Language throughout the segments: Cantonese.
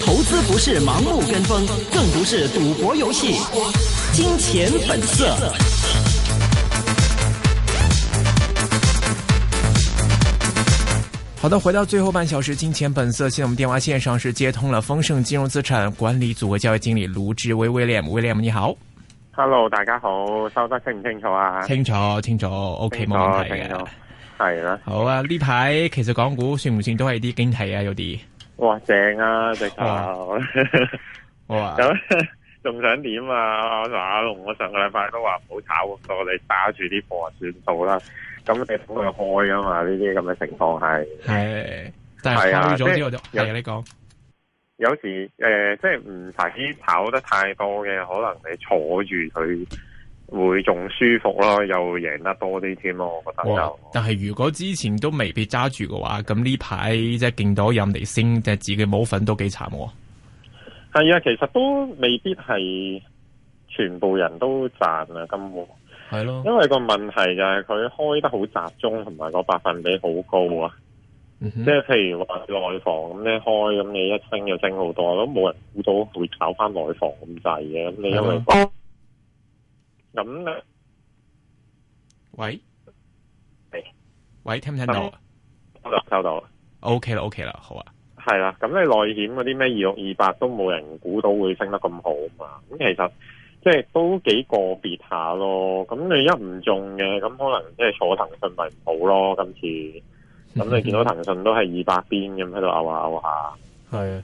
投資不是盲目跟風，更不是賭博遊戲。金錢本色。好的，回到最後半小時，金錢本色，現在我們電話線上是接通了豐盛金融資產管理組合交易經理盧志威 William，William 你好，Hello，大家好，收得清唔清楚啊？清楚，清楚，OK，冇問題嘅。Okay. 係啦，啊好啊！呢排其實港股算唔算都係啲驚喜啊？有啲哇，正啊，直啊！啊 哇，咁仲 想點啊？我同阿龍我上個禮拜都話唔好炒咁多，你打住啲貨算數啦。咁你唔好去開啊嘛？呢啲咁嘅情況係係，但係炒咗之後都係你講說。有時誒、呃，即係唔排啲炒得太多嘅，可能你坐住佢。會仲舒服咯，又贏得多啲添咯，我覺得就。但係如果之前都未必揸住嘅話，咁呢排即係見到有人升，即係自己冇份都幾慘。係啊，其實都未必係全部人都賺啊咁。係咯，的因為個問題就係佢開得好集中，同埋個百分比好高啊。即係、嗯、哼譬如話內房咁咧開，咁你一升就升好多，都冇人估到會炒翻內房咁滯嘅。咁你因為。咁咧，那喂，喂，聽唔聽到，聽到啊？收到、okay，收到，OK 啦，OK 啦，好啊。係啦，咁你內險嗰啲咩二六二八都冇人估到會升得咁好嘛？咁其實即係都幾個別下咯。咁你一唔中嘅，咁可能即係坐騰訊咪唔好咯。今次咁你見到騰訊都係二百邊咁喺度拗下拗下，係啊。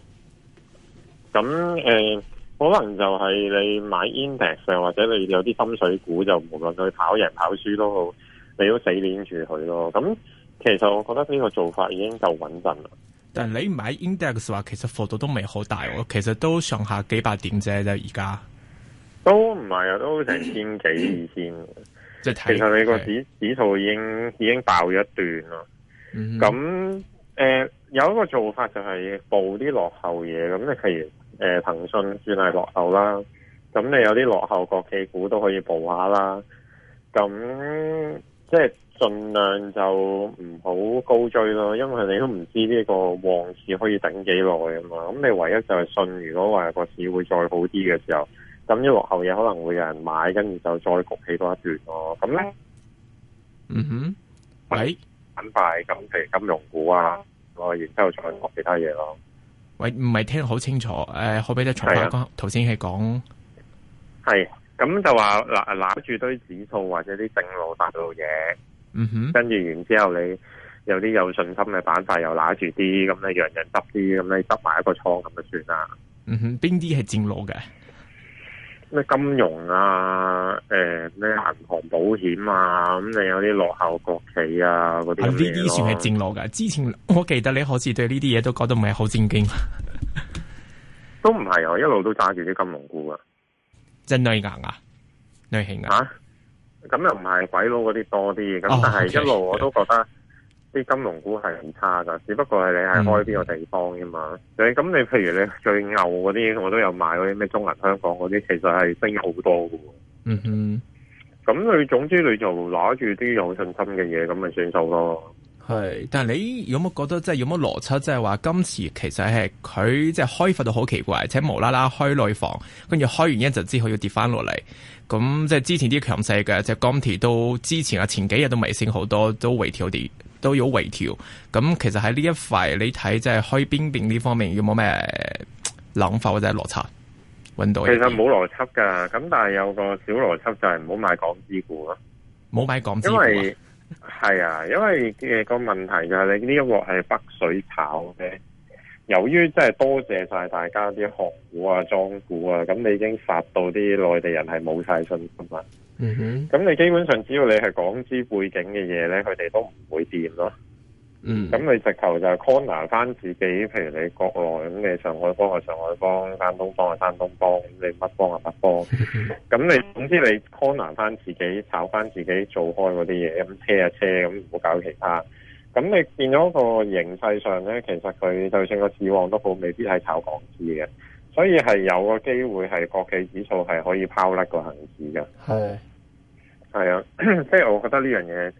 咁誒。可能就係你買 index，又或者你有啲心水股，就無論佢跑贏跑輸都好，你都死黏住佢咯。咁其實我覺得呢個做法已經夠穩陣啦。但你買 index 話，其實幅度都未好大喎，其實都上下幾百點啫，就而家都唔係啊，都成千幾二千。即係 其實你個指指數已經已經爆咗一段咯。咁誒、嗯呃，有一個做法就係報啲落後嘢，咁例如。誒，騰訊算係落後啦，咁你有啲落後國企股都可以報下啦，咁即係盡量就唔好高追咯，因為你都唔知呢個旺市可以頂幾耐啊嘛，咁你唯一就係信，如果話個市會再好啲嘅時候，咁啲落後嘢可能會有人買，跟住就再焗起多一段咯。咁咧，嗯哼，喂，板塊咁譬如金融股啊，我然之後再學其他嘢咯。喂，唔係聽得好清楚，誒、呃，可唔可以重發頭先係講？係，咁就話攬攬住堆指數或者啲正路大路嘢，嗯哼，跟住完之後你有啲有信心嘅板塊又攬住啲，咁你樣樣執啲，咁你執埋一個倉咁就算啦。嗯哼，邊啲係正路嘅？咩金融啊，誒咩銀行保險啊，咁你有啲落後國企啊嗰啲嘢。咯。呢啲算係正路嘅？之前我記得你好似對呢啲嘢都覺得唔係好正經。 都唔係我一路都揸住啲金融股即啊。真內銀啊，內險。咁又唔係鬼佬嗰啲多啲，咁、oh, okay, 但係一路我都覺得。啲金融股係唔差噶，只不過係你係開邊個地方啫嘛。嗯、你咁，你譬如你最牛嗰啲，我都有買嗰啲咩中銀香港嗰啲，其實係升好多嘅。嗯哼、嗯，咁佢總之你就拿住啲有信心嘅嘢，咁咪算數咯係，但係你有冇覺得即係、就是、有冇邏輯？即係話今次其實係佢即係開發到好奇怪，且無啦啦開內房，跟住開完一陣之後要跌翻落嚟，咁即係之前啲強勢嘅，即係鋼鐵都之前啊前幾日都微升好多，都微調啲。都有微調，咁其實喺呢一塊，你睇即係開邊邊呢方面有冇咩諗法或者邏輯？到其實冇邏輯噶，咁但係有個小邏輯就係唔好買港資股咯，冇買港資。因為係啊，因為誒個問題就係你呢一鑊係北水炒嘅，由於真係多謝晒大家啲學股啊、莊股啊，咁你已經發到啲內地人係冇晒信心啦。嗯哼，咁、mm hmm. 你基本上只要你係港資背景嘅嘢咧，佢哋都唔會掂咯。嗯、mm，咁、hmm. 你直頭就 corner 翻自己，譬如你國內咁，你上海幫啊，上海幫，山東幫啊，山東幫，咁你乜幫啊乜幫，咁你總之你 corner 翻自己，炒翻自己,自己做開嗰啲嘢，咁車啊車，咁唔好搞其他。咁你變咗個形勢上咧，其實佢就算個指望都好，未必係炒港資嘅，所以係有個機會係國企指數係可以拋甩個恒指嘅。係。係是啊，即 係我覺得呢樣嘢，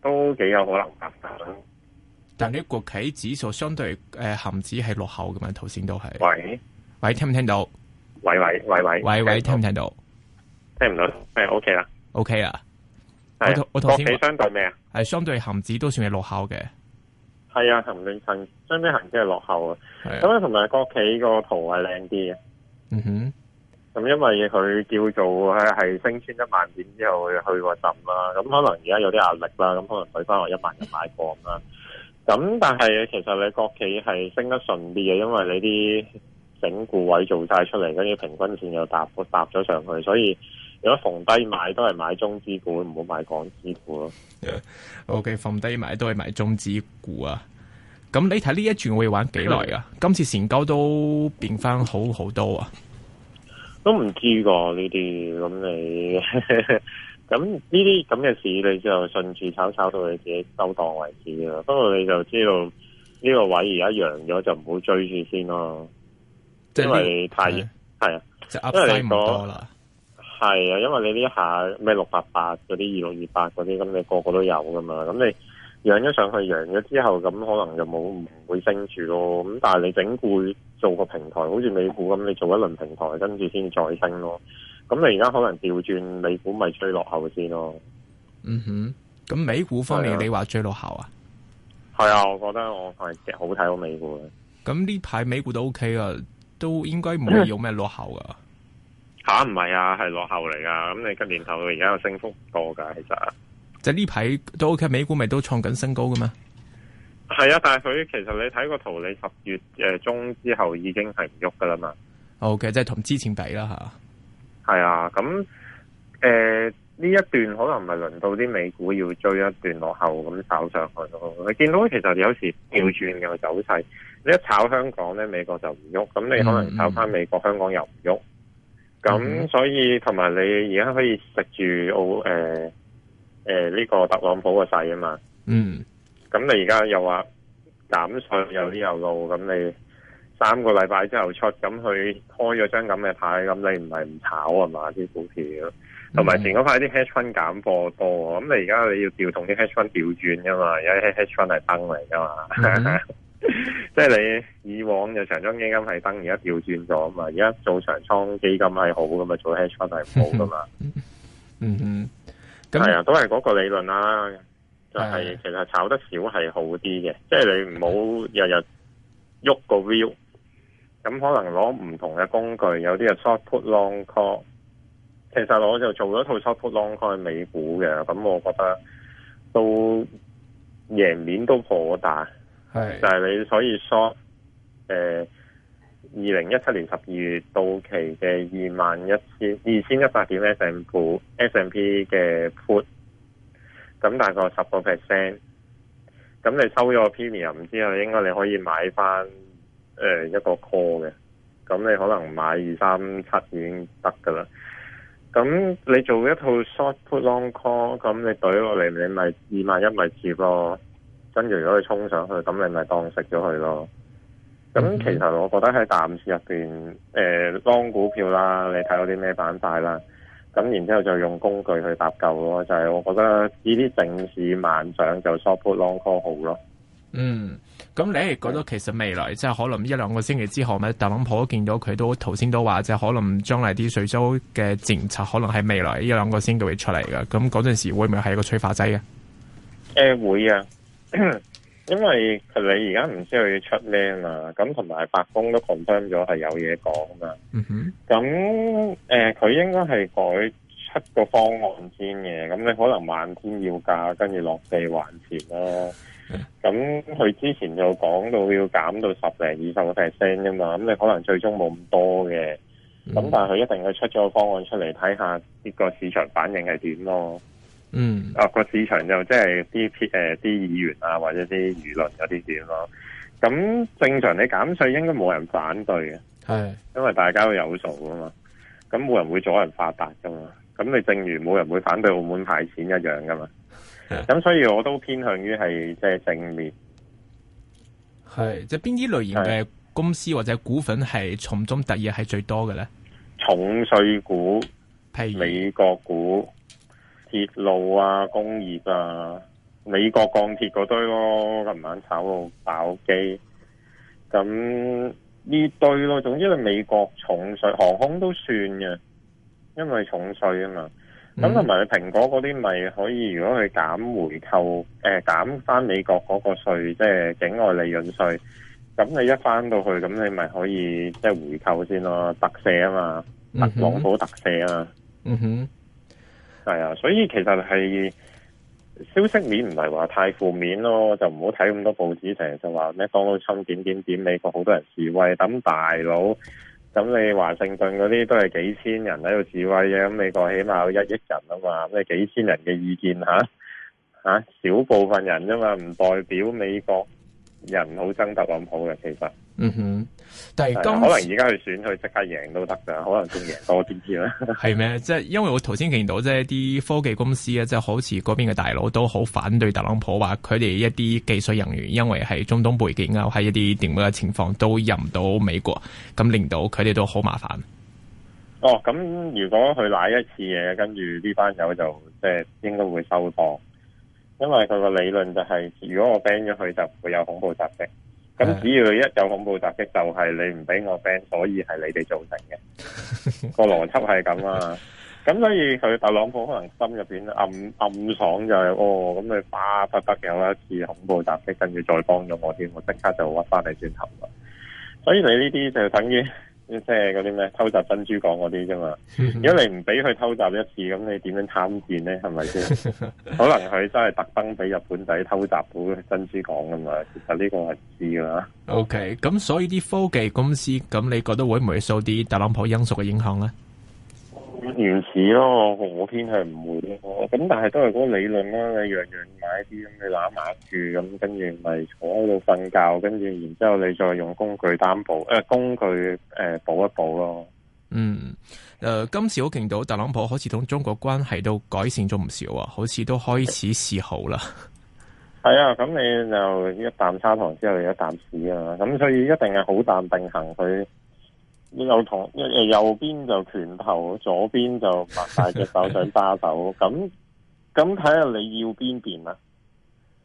都幾有可能發生。但係啲國企指數相對誒恒、呃、指係落後嘅嘛，頭先都係。喂喂，聽唔聽到？喂喂喂喂喂喂，聽唔聽到？聽唔到，係、哎、OK 啦，OK 啦了、啊。我我頭先相對咩啊？係相對恒指都算係落後嘅。係啊，恒定恒相對恒指係落後啊。咁樣，同埋國企個圖係靚啲嘅。嗯哼。咁因為佢叫做係係升穿一萬點之後去去個陣啦，咁可能而家有啲壓力啦，咁可能佢翻落一萬一買過咁啦。咁但係其實你國企係升得順啲嘅，因為你啲整固位做晒出嚟，跟住平均線又搭搭咗上去，所以如果逢低買都係買中資股，唔好買港資股咯。Yeah, okay，逢低買都係買中資股啊！咁你睇呢一轉會玩幾耐啊？Yeah. 今次成交都變翻好好多啊！都唔知噶呢啲，咁你咁呢啲咁嘅事，你就順住炒炒到你自己收檔為止啦。不過你就知道呢個位而家揚咗，那個、就唔好追住先咯。因為太熱，係啊，即係壓唔多啦。係啊，因為你呢下咩六八八嗰啲，二六二八嗰啲，咁你個個都有噶嘛，咁你。揚咗上去，揚咗之後咁可能就冇唔會升住咯，咁但係你整固做個平台，好似美股咁，你做一輪平台跟住先再升咯。咁你而家可能調轉美股咪追落後先咯。嗯哼，咁美股方面、啊、你話最落後啊？係啊，我覺得我係好睇好美股。咁呢排美股都 OK 啊，都應該冇有咩落後噶。吓唔係啊，係、啊、落後嚟噶。咁你今年頭到而家升幅多噶，其實。就呢排都 OK，美股咪都創緊新高嘅嘛？係啊，但係佢其實你睇個圖，你十月誒、呃、中之後已經係唔喐噶啦嘛。OK，即係同之前比啦吓。係啊，咁誒呢一段可能咪輪到啲美股要追一段落後咁炒上去咯。你見到其實有時調轉嘅走勢，你、嗯、一炒香港咧，美國就唔喐，咁你可能炒翻美國香港又唔喐。咁、嗯、所以同埋你而家可以食住澳誒。呃誒，呢、欸這個特朗普嘅勢啊嘛，嗯嗯，嗯，咁你而家又話減稅有啲有路，咁你三個禮拜之後出咁佢開咗張咁嘅牌，咁你唔係唔炒啊嘛啲股票，同埋前嗰排啲 hedge fund 減貨多啊，咁你而家你要調動啲 hedge fund 調轉噶嘛，一 hedge fund 係燈嚟噶嘛，即係你以往嘅長倉基金係燈，而家調轉咗啊嘛，而家做長倉基金係好噶嘛，做 hedge fund 係唔好噶嘛，嗯嗯。嗯係那啊，都係嗰個理論啦，就係、是、其實炒得少係好啲嘅，即係你唔好日日喐個 view，咁可能攞唔同嘅工具，有啲係 short put long call，其實我就做咗套 short put long call 美股嘅，咁我覺得贏都贏面都頗大，係就係你所以 short，誒、呃。二零一七年十二月到期嘅二萬一千二千一百點 S M P S M P 嘅 put，咁大概十個 percent，咁你收咗個 premium 之後，應該你可以買翻誒、呃、一個 call 嘅，咁你可能買二三七已經得噶啦。咁你做一套 short put long call，咁你懟落嚟，你咪二萬一咪接咯。跟住如果佢衝上去，咁你咪當食咗佢咯。咁其實我覺得喺淡市入邊，誒 long 股票啦，你睇到啲咩板塊啦，咁然之後就用工具去搭救咯，就係我覺得呢啲整市慢漲就 short long call 好咯。嗯，咁、嗯嗯、你係覺得其實未來即係、嗯、可能一兩個星期之後咧，特朗普見到佢都頭先都話，即、就、係、是、可能將來啲稅收嘅政策可能喺未來呢兩個星期會出嚟㗎，咁嗰陣時會唔會係一個催化劑啊？誒、呃、會啊。因為你而家唔知佢要出咩嘛，咁同埋白宮都 confirm 咗係有嘢講啊，咁誒佢應該係改出個方案先嘅，咁你可能漫天要價，跟住落地還錢咯。咁佢之前就講到要減到十零二十個 percent 㗎嘛，咁你可能最終冇咁多嘅，咁、mm hmm. 但係佢一定要出咗個方案出嚟，睇下呢個市場反應係點咯。嗯，啊個市場就即係啲片，誒啲議員啊，或者啲輿論嗰啲點咯。咁正常你減稅應該冇人反對嘅，係的因為大家都有數噶嘛。咁冇人會阻人發達噶嘛。咁你正如冇人會反對澳門派錢一樣噶嘛。咁所以我都偏向於係即係正面。係即係邊啲類型嘅公司或者股份係從中得益係最多嘅咧？重稅股，譬如美國股。鐵路啊，工業啊，美國鋼鐵嗰堆咯，琴晚炒到爆機。咁呢堆咯，總之你美國重稅，航空都算嘅，因為重稅啊嘛。咁同埋你蘋果嗰啲咪可以，如果佢減回扣，誒減翻美國嗰個稅，即係境外利潤稅。咁你一翻到去，咁你咪可以即係回購先咯，特赦啊嘛，特朗普特赦啊嘛。嗯哼、mm。Hmm. Mm hmm. 係啊，所以其實係消息面唔係話太負面咯，就唔好睇咁多報紙，成日就話咩當奴侵點點點，美國好多人示威，咁大佬咁你華盛頓嗰啲都係幾千人喺度示威嘅，咁美國起碼有一億人啊嘛，咩幾千人嘅意見吓吓、啊啊，小部分人啫嘛，唔代表美國人爭好憎特朗普嘅其實。嗯哼，但係、啊、可能而家去選佢即刻贏都得噶，可能仲贏多啲啲啦。係咩？ 即係因為我頭先見到即係啲科技公司啊，即係好似嗰邊嘅大佬都好反對特朗普話佢哋一啲技術人員因為係中東背景啊，喺一啲點嘅情況都入唔到美國，咁令到佢哋都好麻煩。哦，咁如果佢瀨一次嘢，跟住呢班友就即係應該會收貨，因為佢個理論就係如果我 ban 咗佢，就唔會有恐怖襲擊。咁、嗯、 只要一有恐怖襲擊，就係、是、你唔俾我 friend，所以係你哋造成嘅 個邏輯係咁啊！咁所以佢特朗普可能心入邊暗暗爽就係、是、哦，咁你巴不得有一次恐怖襲擊，跟住再幫咗我添，我即刻就屈翻你轉頭啊！所以你呢啲就等於。即係嗰啲咩偷襲珍珠港嗰啲啫嘛，嗯、如果你唔俾佢偷襲一次，咁你點樣參戰咧？係咪先？ 可能佢真係特登俾日本仔偷襲到珍珠港啊嘛！其實呢個係唔知㗎。OK，咁所以啲科技公司，咁你覺得會唔會受啲特朗普因素嘅影響咧？原始咯，我偏向唔會咯。咁但係都係嗰個理論啦。你樣樣買啲咁，你攬埋住，咁跟住咪坐喺度瞓覺，跟住然之後你再用工具擔保，誒、呃、工具誒補、呃、一補咯。嗯，誒、呃、今次我見到特朗普，好似同中國關係都改善咗唔少啊，好似都開始示好啦。係啊，咁你就一啖砂糖之後有一啖屎啊，咁所以一定係好淡定行佢。你 右同誒右邊就拳頭，左邊就擘大隻手掌揸手，咁咁睇下你要邊邊啦。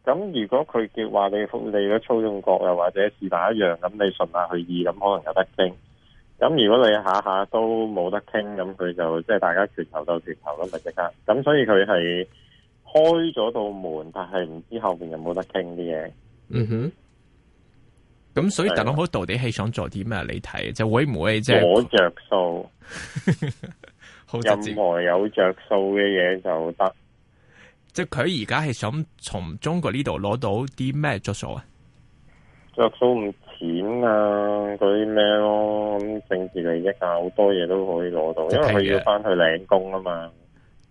咁如果佢叫話你復你嘅操縱國，又或者是但一樣，咁你順下佢意，咁可能有得傾。咁如果你下下都冇得傾，咁佢就即係大家拳頭鬥拳頭咯，咪即刻。咁所以佢係開咗道門，但係唔知後邊有冇得傾啲嘢。嗯哼。咁、嗯、所以特朗普到底係想做啲咩？你睇，就會唔會即係攞着數，好，任何有着數嘅嘢就得。即係佢而家係想從中國呢度攞到啲咩着數啊？着數唔淺啊，嗰啲咩咯，咁政治利益啊，好多嘢都可以攞到。因為佢要翻去領工啊嘛，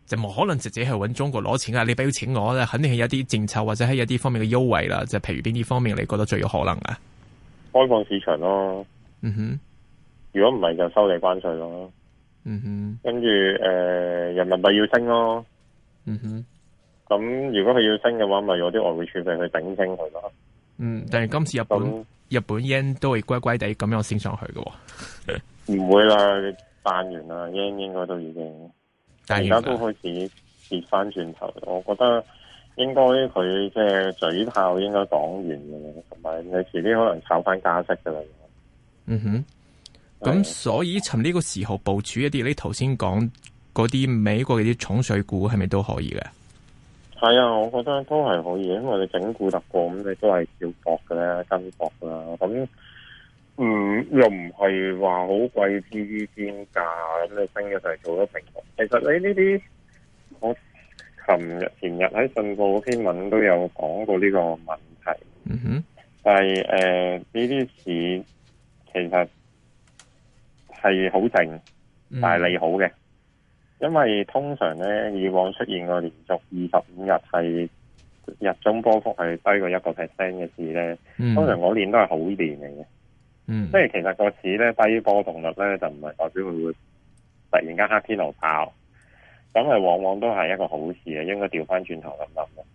就冇可能直接去揾中國攞錢啊！你俾錢我咧，肯定係有啲政策或者係有啲方面嘅優惠啦、啊。即係譬如邊啲方面，你覺得最有可能啊？開放市場咯，嗯哼，如果唔係就收你關稅咯，嗯哼，跟住誒人民幣要升咯，嗯哼，咁如果佢要升嘅話，咪有啲外匯儲備去頂升佢咯。嗯，但係今次日本、嗯、日本 yen 都會乖乖地咁樣升上去嘅、哦，唔 會啦，彈完啦，yen 應該都已經，但係而家都開始跌翻轉頭，我覺得。應該佢即係嘴炮應該講完，嘅，同埋你遲啲可能炒翻加息嘅啦。嗯哼，咁是所以趁呢個時候部署一啲，你頭先講嗰啲美國嘅啲重水股，係咪都可以嘅？係啊，我覺得都係可以，因為你整固突破咁，你都係小博嘅咧，跟博啦。咁唔、嗯、又唔係話好貴啲啲天價咁，你升咗上嚟做咗平博。其實你呢啲。琴日前日喺信報篇文都有講過呢個問題，嗯哼、mm，hmm. 但係誒呢啲市其實係好靜，mm hmm. 但係利好嘅，因為通常咧，以往出現過連續二十五日係日中波幅係低過一個 percent 嘅市咧，mm hmm. 通常嗰年都係好年嚟嘅，嗯、mm，即、hmm. 係其實個市咧低波動率咧就唔係代表佢會突然間黑天鵝爆。.咁係往往都係一個好事嘅，應該調翻轉頭諗諗咯。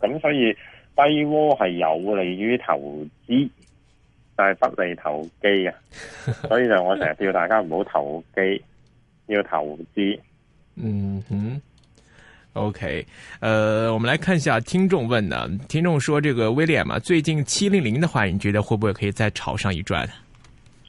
咁所以低窩係有利於投資，但係不利投機嘅。 所以就我成日叫大家唔好投機，要投資。嗯哼。OK，誒、uh, 我們來看一下聽眾問嘅。聽眾說：這個威廉嘛，最近七零零的話，你覺得會不會可以再炒上一轉？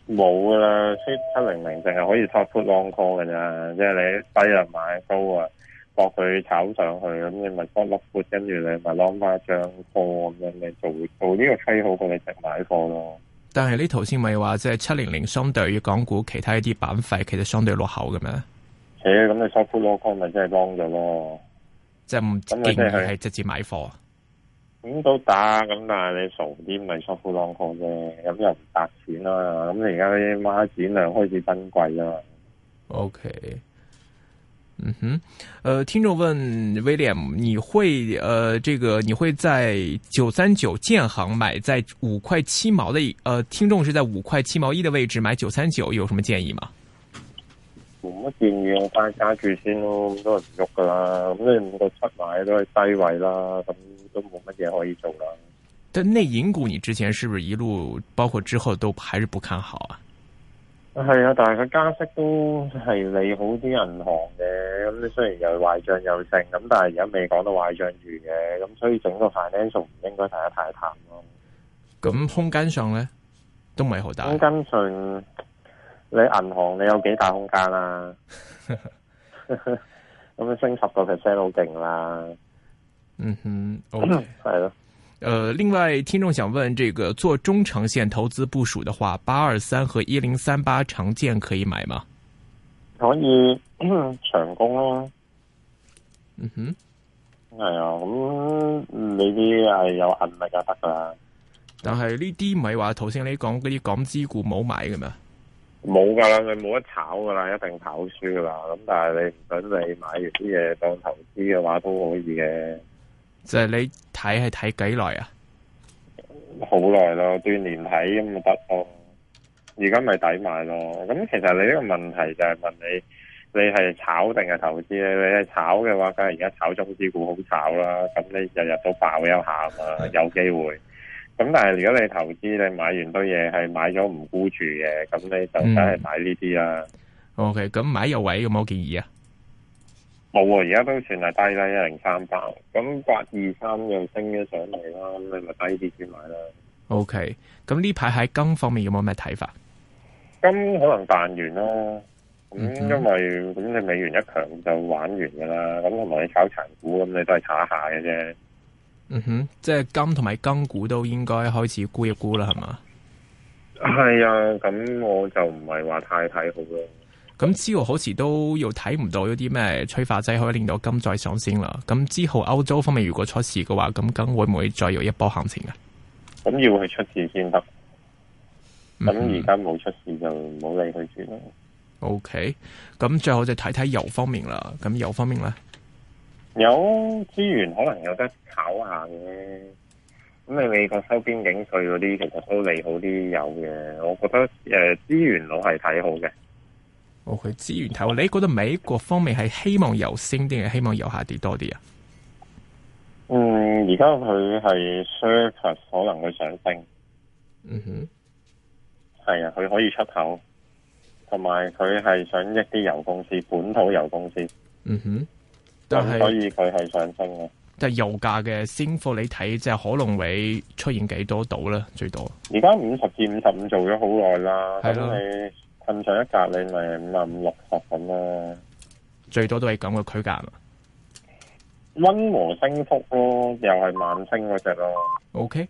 冇噶啦，七七零零淨係可以托 put long call 噶咋，即係你低啊買高啊落去炒上去，咁、嗯、你咪托 put，跟住你咪 long 翻張 call 咁樣你做做呢個梯好過你直買貨咯。但係呢頭先咪話即係七零零相對於港股其他一啲板塊其實相對落後咁咩？係啊，咁、嗯、你托 put long call 咪真係 long 咗咯，即係唔建議係直接買貨。咁、嗯、都打，咁但係你傻啲，咪坐褲襠殼啫，咁又唔搭錢啦、啊。咁你而家啲孖展又開始珍貴啦。OK，嗯哼，呃，聽眾問 William，你會，呃，這個你會在九三九建行買在五塊七毛的，呃，聽眾是在五塊七毛一的位置買九三九，有什麼建議嗎？冇乜建議，我加家住先咯。咁都係唔喐噶啦。咁、嗯、你五個七買都係低位啦，咁、嗯、都冇乜嘢可以做啦。但係內銀股，你之前是不是一路，包括之後都還是不看好啊？啊係啊，但係佢加息都係利好啲銀行嘅。咁、嗯、你雖然又壞賬又剩，咁但係而家未講到壞賬完嘅。咁、嗯、所以整個 financial 唔應該睇得太淡咯。咁、嗯、空間上咧都唔係好大。空間、嗯、上。你銀行你有幾大空間啦、啊？咁 升十個 percent 好勁啦。嗯哼，好係啦。呃，另外聽眾想問，這個做中長線投資部署嘅話，八二三和一零三八長線可以買嗎？可以、呃、長工咯、啊。嗯哼，係啊、哎。咁、嗯呃、你啲係有銀咪就得噶啦。但係呢啲唔係話頭先你講嗰啲港資股冇買嘅咩？冇噶啦，佢冇得炒噶啦，一定跑輸噶啦。咁但係你唔准你買完啲嘢當投資嘅話都可以嘅。即係你睇係睇幾耐啊？好耐咯，半年睇咁咪得咯。而家咪抵買咯。咁其實你呢個問題就係問你，你係炒定係投資咧？你係炒嘅話，梗係而家炒中資股好炒啦。咁你日日都爆一下啊，有機會。咁但係如果你投資，你買完堆嘢係買咗唔沽住嘅，咁、嗯、你就梗係買呢啲啦。O K，咁買有位有冇建議啊？冇啊，而家都算係低啦，低一零三八，咁八二三又升咗上嚟啦，咁你咪低啲先買啦。O K，咁呢排喺金方面有冇咩睇法？金可能彈完啦，咁因為咁你美元一強就玩完噶啦，咁同埋你炒長股咁你都係炒下嘅啫。嗯哼，即係金同埋金股都應該開始估一估啦，係嘛？係啊，咁我就唔係話太睇好咯。咁之後好似都要睇唔到有啲咩催化劑可以令到金再上升啦。咁之後歐洲方面如果出事嘅話，咁金會唔會再有一波行情嘅？咁要去出事先得。咁而家冇出事就唔好理佢先啦。O K，咁最後就睇睇油方面啦。咁油方面咧？有資源可能有得炒下嘅，咁你美國收邊境稅嗰啲其實都利好啲有嘅，我覺得誒資源佬係睇好嘅。哦，佢資源睇好，你覺得美國方面係希望油升定係希望油下跌多啲啊？嗯，而家佢係 s u 可能佢上升。嗯哼，係啊，佢可以出口，同埋佢係想益啲油公司，本土油公司。嗯哼。都係、嗯，所以佢係上升嘅。但係油價嘅升幅你，你睇即係可能會出現幾多度咧？最多而家五十至五十五做咗好耐啦。係咯的，困上一格你咪五十五六十咁咯。最多都係咁嘅區間。温和升幅咯，又係慢升嗰隻咯。OK。